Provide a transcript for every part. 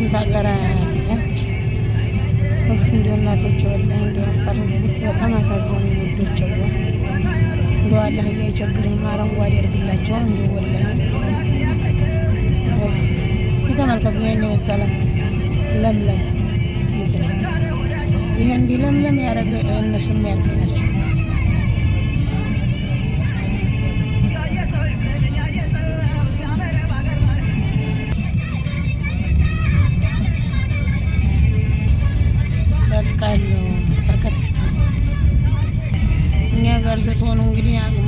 Nusantagara. agora já estou num grinhago,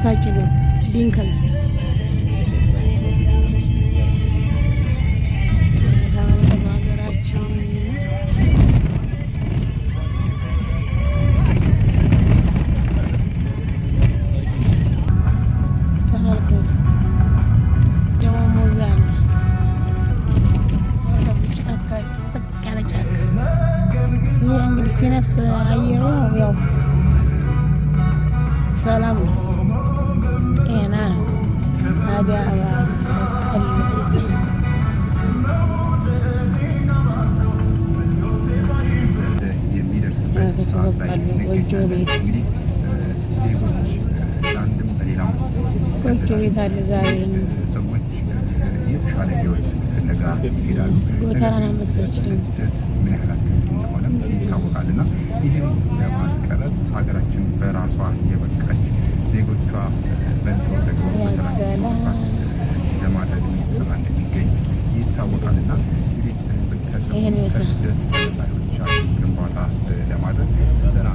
25 kilo, Dinkel. ይበቃሉ። ጎጆ ቤት ጎጆ ቤት አለ። ዛሬ ጎተራን አመሰችልም ይታወቃልና ይህም ለማስቀረት ሀገራችን በራሷ የበቃች ዜጎቿ ለማድረግ የሚሰራ እንደሚገኝ ይታወቃልና ይህ ስደት የታክስ ግንባታ ለማድረግ ስልጠና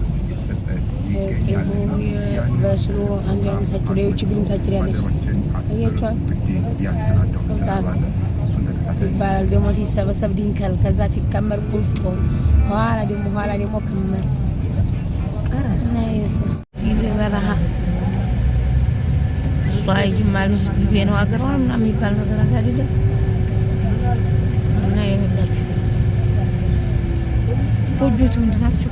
እየተሰጠ ይባላል ደግሞ ሲሰበሰብ ድንከል ከዛ ሲከመር ቁጮ ኋላ ደግሞ ኋላ ደግሞ ክመር እና በረሃ እሷ ይጅማሉ ጊቤ ነው ሀገር ምናምን የሚባል ነገር አይደለም ጎጆቹ ምንድን ናቸው?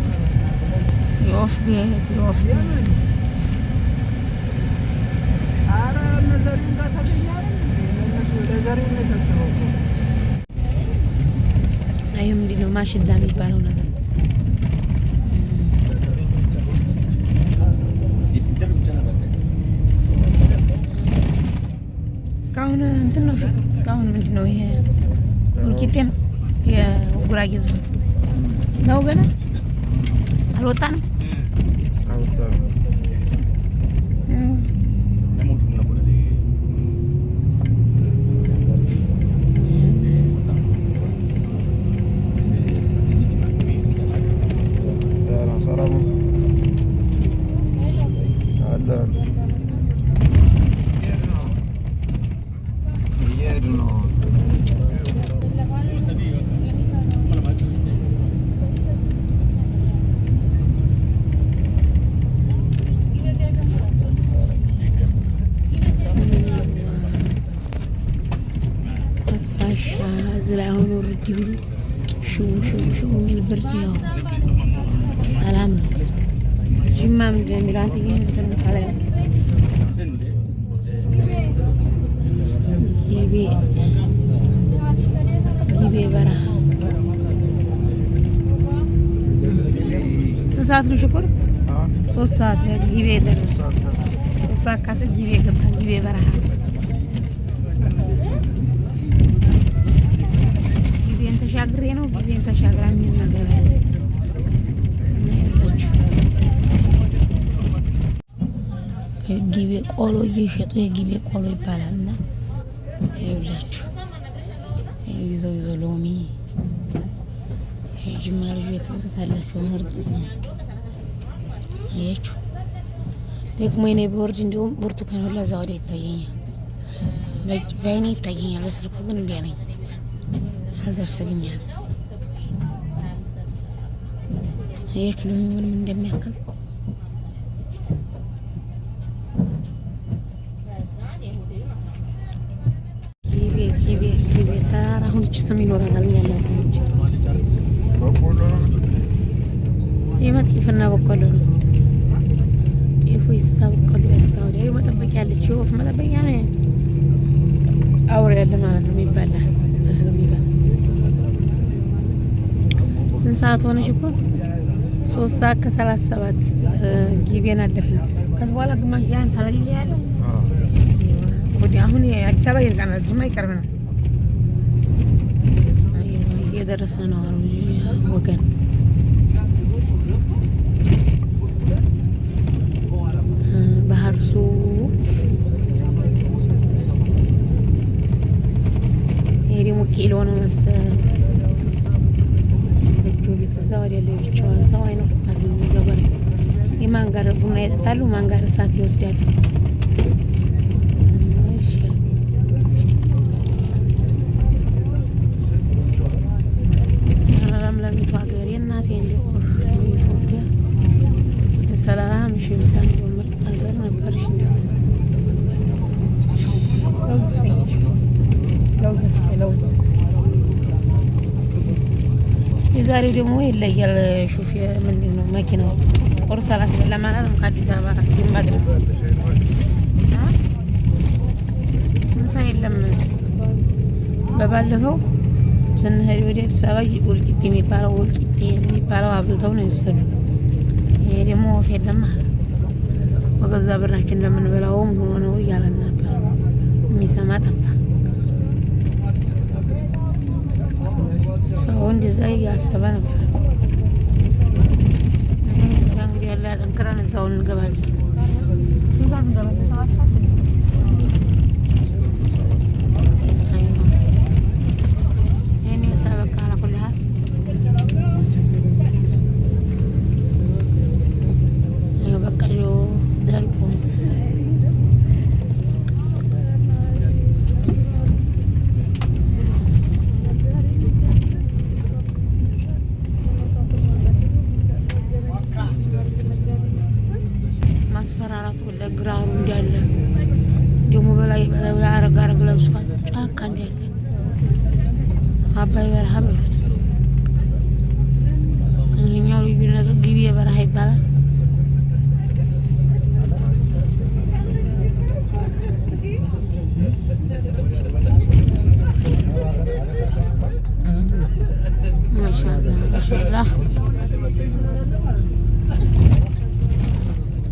የወፍ ቤት የወፍ ቤት ይህ ምንድን ነው? ማሽላ የሚባለው ነገር እስካሁን እንትን ነው። እስካሁን ምንድን ነው? ይሄ ቡርቂጤ ነው የጉራጌ ዙ Tahu gak? Kan? Halutan. Halutan. Hmm. I don't know. ሶስት ሰዓት ላይ ጊቤ ሶስት ሰዓት ካስል ጊቤ ገብታል። ጊቤ በረሃ ጊቤን ተሻግሬ ነው ጊቤን ተሻግራ የሚል ነገር አለ ጊቤ ቆሎ እየሸጡ የጊቤ ቆሎ ይባላል እና ይኸውላችሁ ይዘው ይዘው ሎሚ ጅማ ልጅ ትዝታላችሁ ምርጥ ያችሁ ደግሞ የኔ ቦርድ እንዲሁም ብርቱካን ሁላ እዛ ወዲያ ይታየኛል፣ በአይኔ ይታየኛል። በስልኩ ግን እምቢ አለኝ አልደርስልኛል። አያችሁ ሎሚ ምንም እንደሚያክል ስም ይኖረናል ያለው የመጥቂፍና በቆሎ ነው። ሳውዲ መጠበቂያ ያለች የወፍ መጠበቂያ ነው አውሬ ያለ ማለት ነው የሚባል ስንት ሰዓት ሆነሽ እኮ ሶስት ሰዓት ከሰላሳ ሰባት ጊቤን አለፍን። ከዚ በኋላ ግማሽ ያን ሰላ ያለው ወዲ አሁን አዲስ አበባ እየተቃናል ጅማ ይቀርብ ነው እየደረሰ ነው ወገን በሀርሱ ይሄ ደግሞ ኪሎ ነው መሰለኝ። ልጁ ቤት እዛ ወዲያ ላይ ብቻዋን ሰው አይኖርታል። ገበር የማን ጋር ቡና ይጠጣሉ፣ ማን ጋር እሳት ይወስዳሉ። ለምለሚቱ እናቴ ኢትዮጵያ ሰላም ሺ የዛሬው ደግሞ ይለያል። ሹፌር ምንድን ነው መኪናው ቆርሶ አላስበላም ማለት ከአዲስ አበባ ግንባ ድረስ ምሳ የለም። በባለፈው ስንሄድ ወደ አዲስ አበባ ወልቂጤ የሚባለው ወልቂጤ የሚባለው አብልተው ነው የወሰዱ። ይሄ ደግሞ ወፍ የለም ማለት በገዛ ብራችን ለምን ለምንበላውም ሆነው እያለን ነበር። የሚሰማ ጠፋ። ሰው እንደዛ እያሰበ ነበር። እንግዲህ ያለ ጥንክረን እዛው እንገባለን። ስንት ሰዓት እንገባለን? ሰባት ሰዓት አባይ በረሃ ሚሉት ይህኛው ልዩነቱ ግቢ በረሃ ይባላል።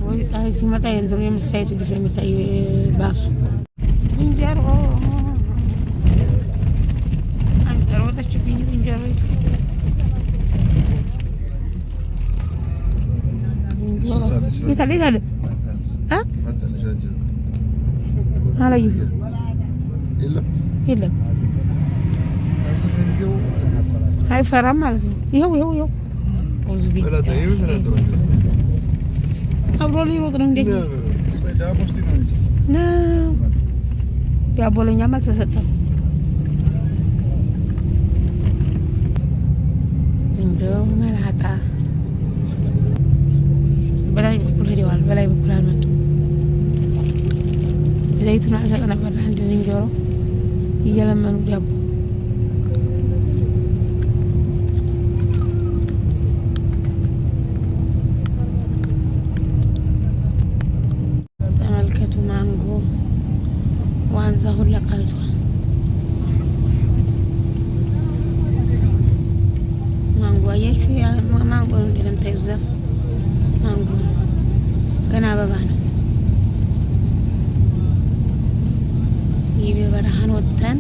ወይ ፀሐይ ሲመጣ የምስታየቱ ግፍ የሚታየው ባሱ እንዴት አለ አላየሁም። የለም አይፈራም ማለት ነው። ይኸው ይኸው ይኸው አብሮ ሊሮጥ ነው። እንዴት ነው ዳቦ ለኛም አልተሰጠም። ዝንጀሮ መላጣ በረሃን ወጥተን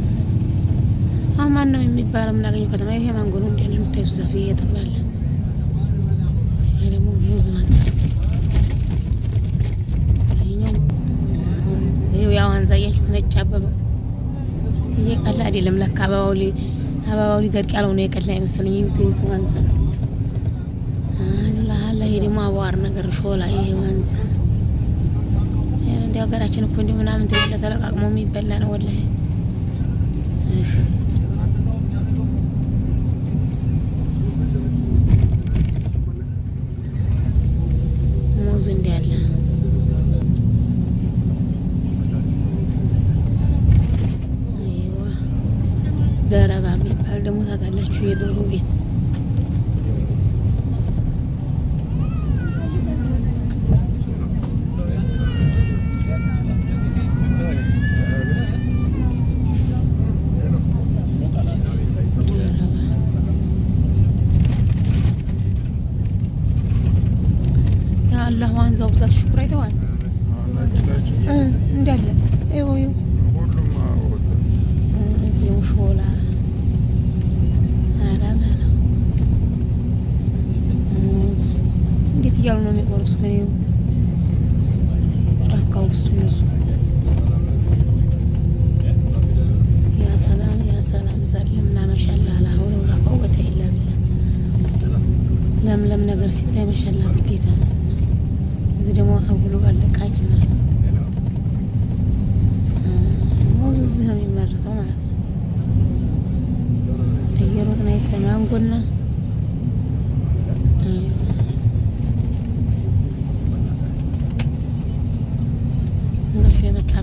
አሁን ማን ነው የሚባለው የምናገኘው ከተማ ይሄ ማንጎ ነው። እንዲያለ የምታዩት ዛፍ ይሄ ይሄ ደግሞ ሙዝ ማለት ያው አንዛ እያችሁት ነጭ አበባ እየቀላ አይደለም ለካ አበባው ላይ አበባው ሊደርቅ ያለው ነው የቀላ አይመስለኝ። ይሁት ይሁት ዋንዛ አላህ አላህ ይሄ ደግሞ አቧር ነገር ሾላ ይሄ ዋንዛ እንደ ሀገራችን እኮ እንደ ምናምን ትብለ ተለቃቅሞ የሚበላ ነው ወላሂ። ሙዝ እንዲያለ በረባ የሚባል ደግሞ ታውቃላችሁ የዶሮ ቤት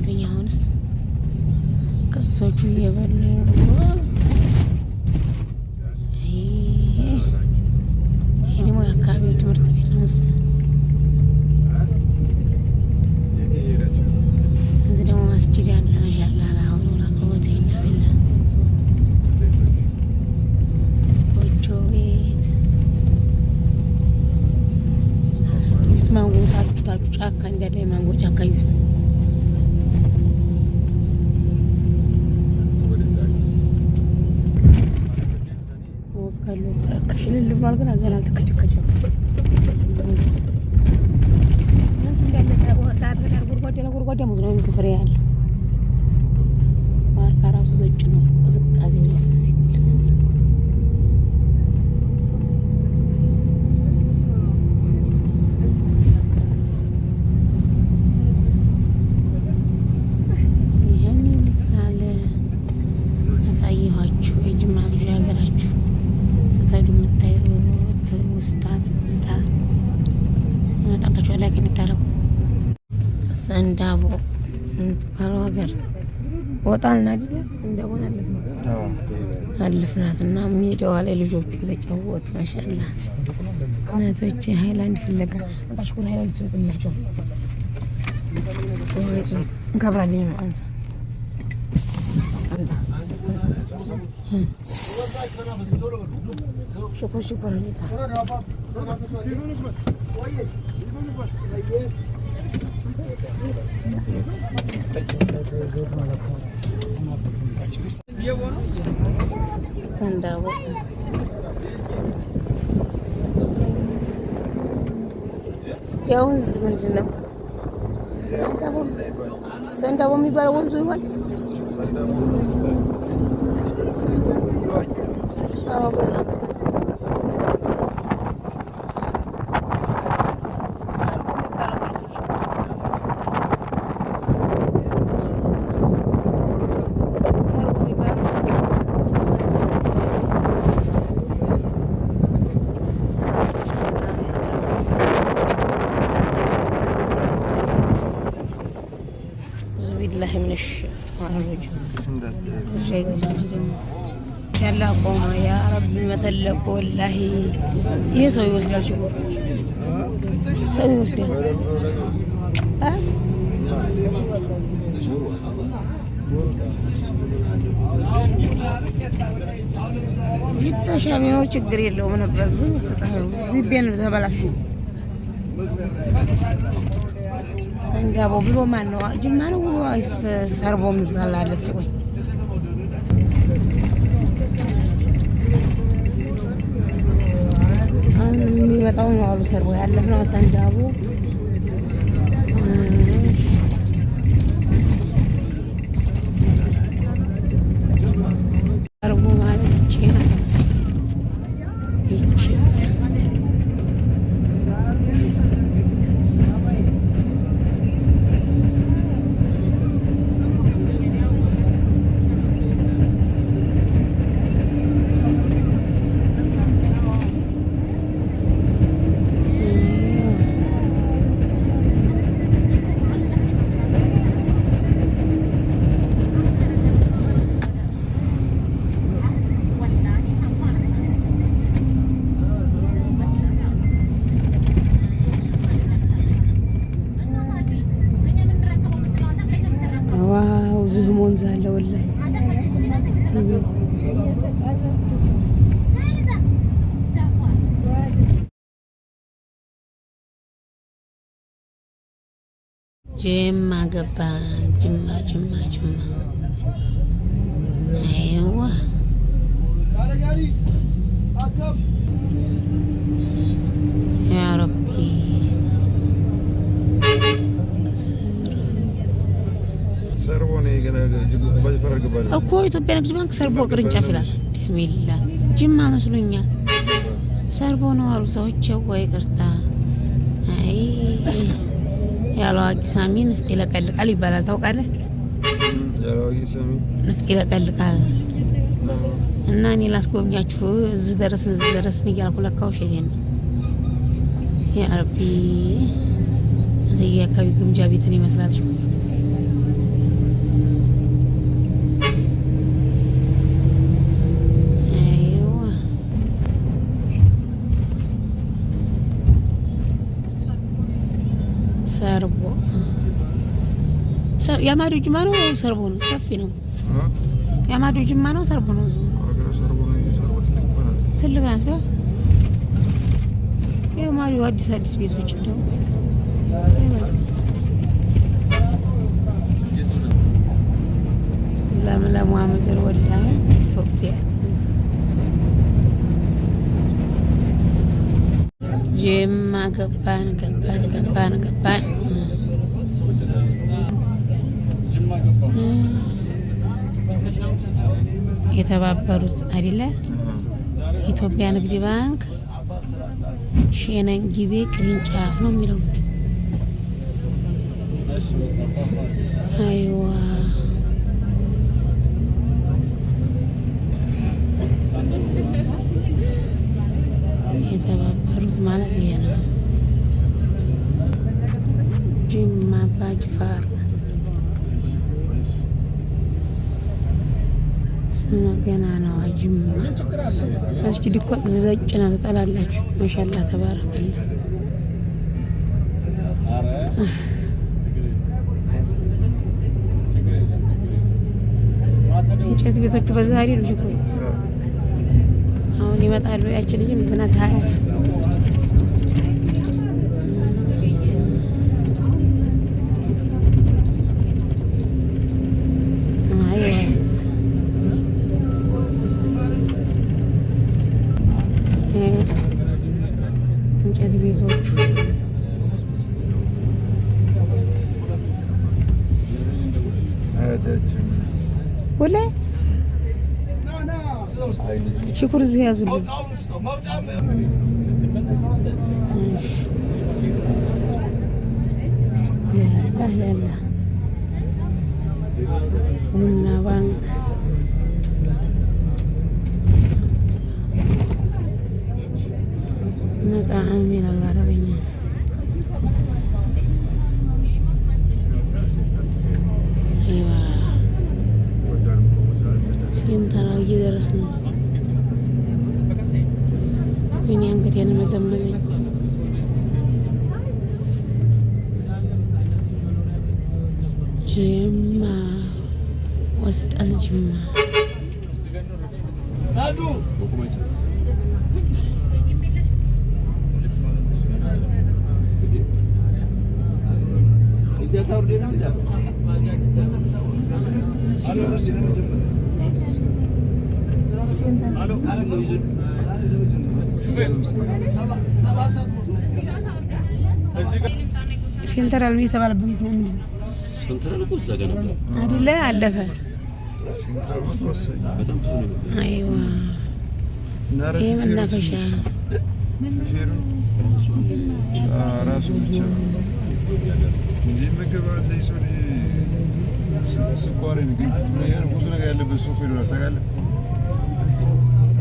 champignons. Comme ça, tu y vas በሉ ሽልል ልባል ግን አገና አልተከቸከቸም። ጎድጓዳ ሙዝ ነው የሚከፍር ያለ ማርካ ራሱ ዘጭ ነው ቅዝቃዜ ደስ ሰንዳቦ የምትባለው ሀገር ወጣልና ሰንዳቦ አልፍናት እና ሜዳዋ ላይ ልጆቹ ተጫወቱ። ማሻላ እናቶች ሀይላንድ ፍለጋ ጣሽኩን ሀይላንድ ትልቅላቸው ገብራልኝ ማለት ሽቶሽ ይባላል Tandawa. ያ ወንዝ ምንድን ነው? ሰንዳቦ የሚባለው ወንዙ ይሆን? አዎ ቢላህ ምንሽ ማረጅ ያለ አቋማ ያ ረቢ መተለቆ ወላሂ ይሄ ሰው ይወስዳል። ሽጉር ሰው ይወስዳል። ይታሻ ቢኖር ችግር የለውም ነበር ግን ተበላሽ እንጋባው ብሎ ማን ነው ጅማ ነው ወይስ ሰርቦ የሚባል አለ ሲቆይ የሚመጣው ነው አሉ ሰርቦ ያለፍነው ሰንዳቦ Gapan jimbah jimbah jimbah, ayo wah, ayo ya rapi, serbun ikin agak jebuk oh kue itu penak dulang serbun kering cafilah, bismillah, jimbah masulunya, serbun wauru soh cewek kerta, ayo. ያለ አዋቂ ሳሚ ንፍጥ ይለቀልቃል ይባላል። ታውቃለህ? ያለ አዋቂ ሳሚ ንፍጥ ይለቀልቃል። እና እኔ ላስጎብኛችሁ እዚህ ደረስን እዚህ ደረስን እያልኩ ለካው ውሸቴን ነው። የአረቢ እዚህ አካባቢ ግምጃ ቤትን ይመስላል። የማዶ ጅማ ነው ሰርቦ ነው ሰፊ ነው። የማዶ ጅማ ነው ሰርቦ ነው ትልቅ ናት። የማዶ አዲስ አዲስ ቤቶች እንደው ለምለሟ ምድር ወዳ ኢትዮጵያ ጅማ ገባን ገባን ገባን ገባን የተባበሩት አይደለ ኢትዮጵያ ንግድ ባንክ ጊቤ ቅርንጫፍ ነው የሚለው። አይዋ የተባበሩት ማለት ይሄ ነው። ጅማ አባ ጅፋር ገና ነው ጅማ እስኪ ዘጭ ነው ትጠላላችሁ። ማሻላ ተባረከላ። እንጨት ቤቶቹ በዛ ሄዱ። አሁን ይመጣሉ። ያችን ልጅም ዝናት ሀያ ወላሂ ሽኩር እዚህ ያዙልኝ። ቡና ባንክ ini yang kecil macam ni. wasit al jema. Halo, halo, halo, halo, halo, halo, ሴንትራል የተባለበት ምክንያት ምንድን ነው? ሴንትራል እኮ እዛ ጋር ነበር አይደለ? አለፈ። ይሄ መናፈሻ ራሱ ብቻ እንዲህ ምግብ አለ። የሰው ስኳር ብዙ ነገር ያለበት ሱቅ ሄዷል ታውቃለህ?